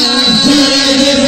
¡Gracias!